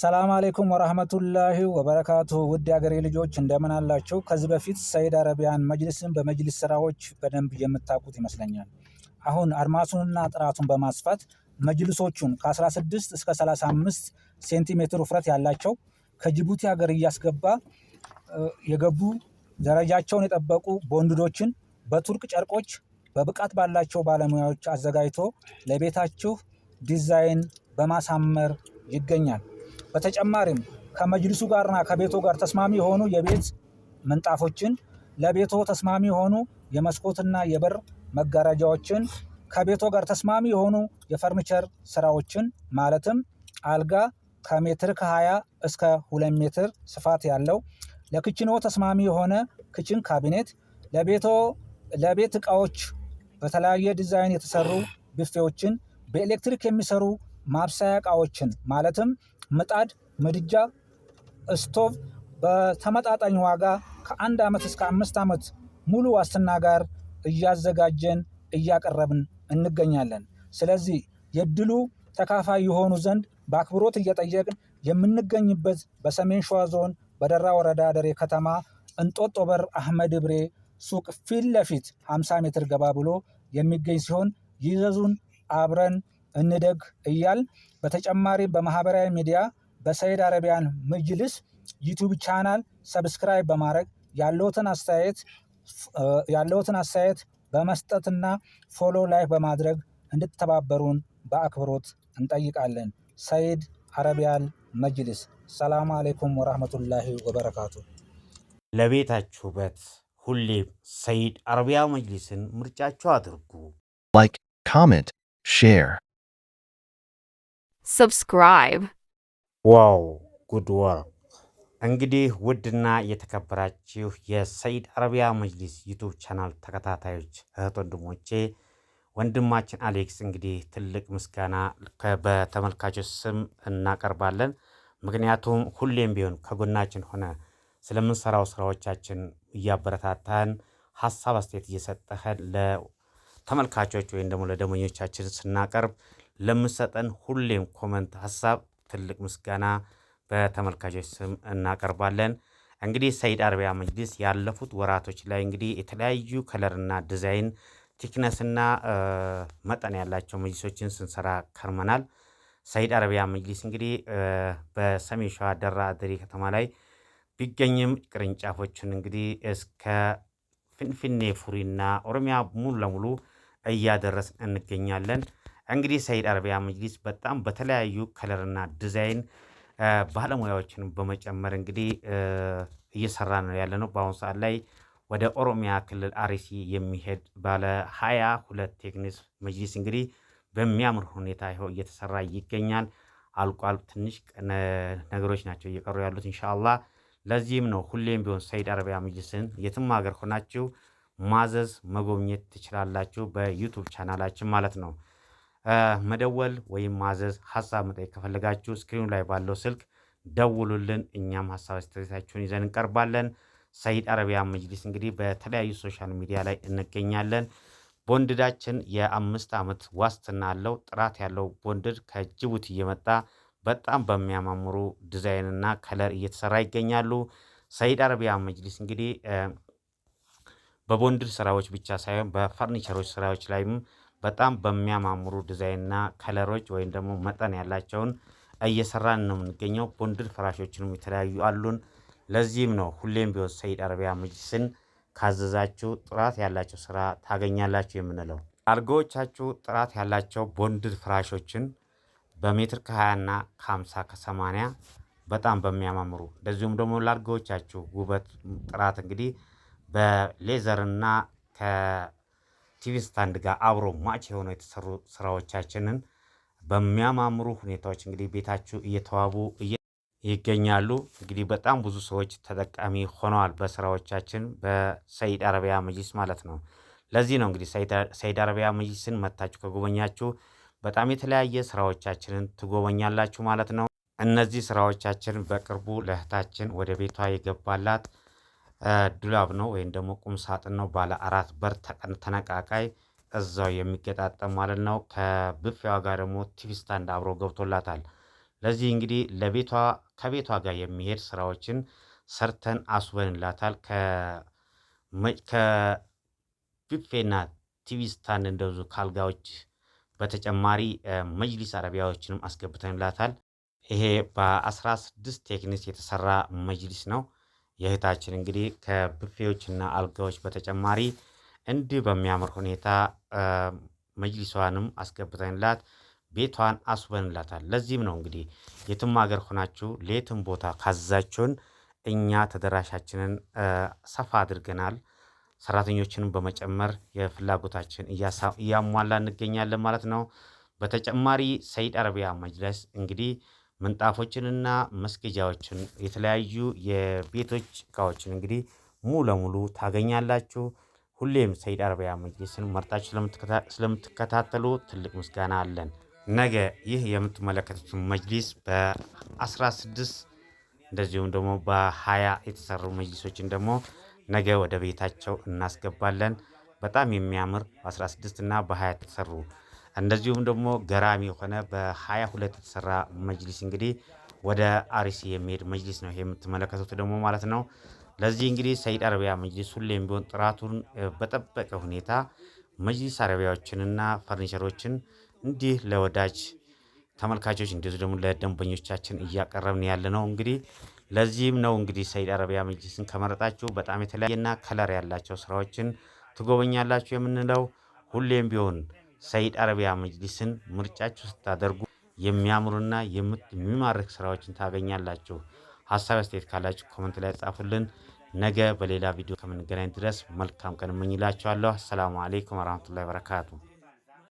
ሰላም አሌይኩም ወራህመቱላሂ ወበረካቱ። ውድ የአገሬ ልጆች እንደምን አላቸው? ከዚህ በፊት ሰይድ አረቢያን መጅልስን በመጅልስ ስራዎች በደንብ የምታውቁት ይመስለኛል። አሁን አድማሱንና ጥራቱን በማስፋት መጅልሶቹን ከ16 እስከ 35 ሴንቲሜትር ውፍረት ያላቸው ከጅቡቲ ሀገር እያስገባ የገቡ ደረጃቸውን የጠበቁ ቦንድዶችን በቱርክ ጨርቆች በብቃት ባላቸው ባለሙያዎች አዘጋጅቶ ለቤታችሁ ዲዛይን በማሳመር ይገኛል። በተጨማሪም ከመጅልሱ ጋርና ከቤቶ ጋር ተስማሚ የሆኑ የቤት ምንጣፎችን፣ ለቤቶ ተስማሚ የሆኑ የመስኮትና የበር መጋረጃዎችን፣ ከቤቶ ጋር ተስማሚ የሆኑ የፈርኒቸር ስራዎችን ማለትም አልጋ ከሜትር ከ20 እስከ 2 ሜትር ስፋት ያለው ለክችኖ ተስማሚ የሆነ ክችን ካቢኔት፣ ለቤቶ ለቤት እቃዎች በተለያየ ዲዛይን የተሰሩ ብፌዎችን፣ በኤሌክትሪክ የሚሰሩ ማብሰያ እቃዎችን ማለትም ምጣድ ምድጃ ስቶቭ በተመጣጣኝ ዋጋ ከአንድ አመት እስከ አምስት ዓመት ሙሉ ዋስትና ጋር እያዘጋጀን እያቀረብን እንገኛለን። ስለዚህ የድሉ ተካፋይ የሆኑ ዘንድ በአክብሮት እየጠየቅን የምንገኝበት በሰሜን ሸዋ ዞን በደራ ወረዳ ደሬ ከተማ እንጦጦ በር አህመድ እብሬ ሱቅ ፊት ለፊት 50 ሜትር ገባ ብሎ የሚገኝ ሲሆን ይዘዙን አብረን እንደግ እያል በተጨማሪ በማህበራዊ ሚዲያ በሰይድ አረቢያን መጅልስ ዩቱብ ቻናል ሰብስክራይብ በማድረግ ያለውትን አስተያየት አስተያየት በመስጠትና ፎሎ ላይክ በማድረግ እንድትተባበሩን በአክብሮት እንጠይቃለን። ሰይድ አረቢያን መጅልስ። ሰላም አሌይኩም ወራህመቱላሂ ወበረካቱ። ለቤታችሁ ውበት ሁሌም ሰይድ አረቢያ መጅሊስን ምርጫችሁ አድርጉ። ላይክ፣ ካሜንት፣ ሼር ሰብስክራይብ። ዋው ጉድ ወርክ። እንግዲህ ውድና የተከበራችሁ የሰይድ አረቢያ መጅሊስ ዩቱብ ቻናል ተከታታዮች እህት ወንድሞቼ፣ ወንድማችን አሌክስ እንግዲህ ትልቅ ምስጋና በተመልካቾች ስም እናቀርባለን። ምክንያቱም ሁሌም ቢሆን ከጎናችን ሆነ ስለምንሰራው ስራዎቻችን እያበረታታን ሀሳብ አስተያየት እየሰጠህን ለተመልካቾች ወይም ደግሞ ለደመኞቻችን ስናቀርብ ለምሰጠን ሁሌም ኮመንት፣ ሀሳብ ትልቅ ምስጋና በተመልካቾች ስም እናቀርባለን። እንግዲህ ሰይድ አረቢያ መጅሊስ ያለፉት ወራቶች ላይ እንግዲህ የተለያዩ ከለርና ዲዛይን ቲክነስና መጠን ያላቸው መጅሊሶችን ስንሰራ ከርመናል። ሰይድ አረቢያ መጅሊስ እንግዲህ በሰሜን ሸዋ ደራ አደሪ ከተማ ላይ ቢገኝም ቅርንጫፎችን እንግዲህ እስከ ፍንፍኔ ፉሪና ኦሮሚያ ሙሉ ለሙሉ እያደረስ እንገኛለን። እንግዲህ ሰይድ አረቢያ መጅሊስ በጣም በተለያዩ ከለርና ዲዛይን ባለሙያዎችን በመጨመር እንግዲህ እየሰራ ነው ያለ ነው። በአሁኑ ሰዓት ላይ ወደ ኦሮሚያ ክልል አርሲ የሚሄድ ባለ ሀያ ሁለት ቴክኒስ መጅሊስ እንግዲህ በሚያምር ሁኔታ ይኸው እየተሰራ ይገኛል። አልቋል። ትንሽ ነገሮች ናቸው እየቀሩ ያሉት እንሻላ። ለዚህም ነው ሁሌም ቢሆን ሰይድ አረቢያ መጅሊስን የትም ሀገር ሆናችሁ ማዘዝ መጎብኘት ትችላላችሁ፣ በዩቱብ ቻናላችን ማለት ነው። መደወል ወይም ማዘዝ፣ ሀሳብ መጠየቅ ከፈለጋችሁ ስክሪኑ ላይ ባለው ስልክ ደውሉልን። እኛም ሀሳብ አስተያየታችሁን ይዘን እንቀርባለን። ሰይድ አረቢያ መጅሊስ እንግዲህ በተለያዩ ሶሻል ሚዲያ ላይ እንገኛለን። ቦንድዳችን የአምስት ዓመት ዋስትና አለው። ጥራት ያለው ቦንድድ ከጅቡቲ እየመጣ በጣም በሚያማምሩ ዲዛይንና ከለር እየተሰራ ይገኛሉ። ሰይድ አረቢያ መጅሊስ እንግዲህ በቦንድድ ስራዎች ብቻ ሳይሆን በፈርኒቸሮች ስራዎች ላይም በጣም በሚያማምሩ ዲዛይንና ከለሮች ወይም ደግሞ መጠን ያላቸውን እየሰራን ነው የምንገኘው። ቦንድል ፍራሾችንም የተለያዩ አሉን። ለዚህም ነው ሁሌም ቢሆን ሰይድ አረቢያ መጅሊስን ካዘዛችሁ ጥራት ያላቸው ስራ ታገኛላችሁ የምንለው። አልጋዎቻችሁ ጥራት ያላቸው ቦንድል ፍራሾችን በሜትር ከ20ና ከ50 ከ80 በጣም በሚያማምሩ እንደዚሁም ደግሞ ለአልጋዎቻችሁ ውበት ጥራት እንግዲህ በሌዘርና ቲቪ ስታንድ ጋር አብሮ ማች የሆነው የተሰሩ ስራዎቻችንን በሚያማምሩ ሁኔታዎች እንግዲህ ቤታችሁ እየተዋቡ ይገኛሉ። እንግዲህ በጣም ብዙ ሰዎች ተጠቃሚ ሆነዋል በስራዎቻችን በሰይድ አረቢያ መጅሊስ ማለት ነው። ለዚህ ነው እንግዲህ ሰይድ አረቢያ መጅሊስን መታችሁ ከጎበኛችሁ በጣም የተለያየ ስራዎቻችንን ትጎበኛላችሁ ማለት ነው። እነዚህ ስራዎቻችን በቅርቡ ለእህታችን ወደ ቤቷ የገባላት ዱላብ ነው ወይም ደግሞ ቁም ሳጥን ነው። ባለ አራት በር ተነቃቃይ እዛው የሚገጣጠም ማለት ነው። ከብፌዋ ጋር ደግሞ ቲቪ ስታንድ አብሮ ገብቶላታል። ለዚህ እንግዲህ ለቤቷ ከቤቷ ጋር የሚሄድ ስራዎችን ሰርተን አስበንላታል። ከብፌና ቲቪ ስታንድ እንደዚሁ ካልጋዎች በተጨማሪ መጅሊስ አረቢያዎችንም አስገብተንላታል። ይሄ በአስራ ስድስት ቴክኒስ የተሰራ መጅሊስ ነው። የእህታችን እንግዲህ ከብፌዎችና አልጋዎች በተጨማሪ እንዲህ በሚያምር ሁኔታ መጅሊሷንም አስገብተንላት ቤቷን አስውበንላታል። ለዚህም ነው እንግዲህ የትም ሀገር ሆናችሁ ለየትም ቦታ ካዛችሁን እኛ ተደራሻችንን ሰፋ አድርገናል። ሰራተኞችንም በመጨመር የፍላጎታችን እያሟላ እንገኛለን ማለት ነው። በተጨማሪ ሰይድ አረቢያ መጅለስ እንግዲህ ምንጣፎችንና መስገጃዎችን የተለያዩ የቤቶች እቃዎችን እንግዲህ ሙሉ ለሙሉ ታገኛላችሁ። ሁሌም ሰይድ አረቢያ መጅሊስን መርጣችሁ ስለምትከታተሉ ትልቅ ምስጋና አለን። ነገ ይህ የምትመለከቱት መጅሊስ በ16 እንደዚሁም ደግሞ በ20 የተሰሩ መጅሊሶችን ደግሞ ነገ ወደ ቤታቸው እናስገባለን። በጣም የሚያምር በ16 እና በ20 የተሰሩ እንደዚሁም ደግሞ ገራሚ የሆነ በ22 የተሰራ መጅሊስ እንግዲህ ወደ አርሲ የሚሄድ መጅሊስ ነው። ይሄ የምትመለከቱት ደግሞ ማለት ነው። ለዚህ እንግዲህ ሰይድ አረቢያ መጅሊስ ሁሌም ቢሆን ጥራቱን በጠበቀ ሁኔታ መጅሊስ አረቢያዎችንና ፈርኒቸሮችን እንዲህ ለወዳጅ ተመልካቾች እንዲሁ ደግሞ ለደንበኞቻችን እያቀረብን ያለ ነው። እንግዲህ ለዚህም ነው እንግዲህ ሰይድ አረቢያ መጅሊስን ከመረጣችሁ በጣም የተለያየና ከለር ያላቸው ስራዎችን ትጎበኛላችሁ የምንለው ሁሌም ቢሆን ሰይድ አረቢያ መጅሊስን ምርጫችሁ ስታደርጉ የሚያምሩና የሚማርክ ስራዎችን ታገኛላችሁ። ሀሳብ አስተያየት ካላችሁ ኮመንት ላይ ጻፉልን። ነገ በሌላ ቪዲዮ ከምንገናኝ ድረስ መልካም ቀን እመኝላችኋለሁ። አሰላሙ አሌይኩም ወረህመቱላሂ ወበረካቱ።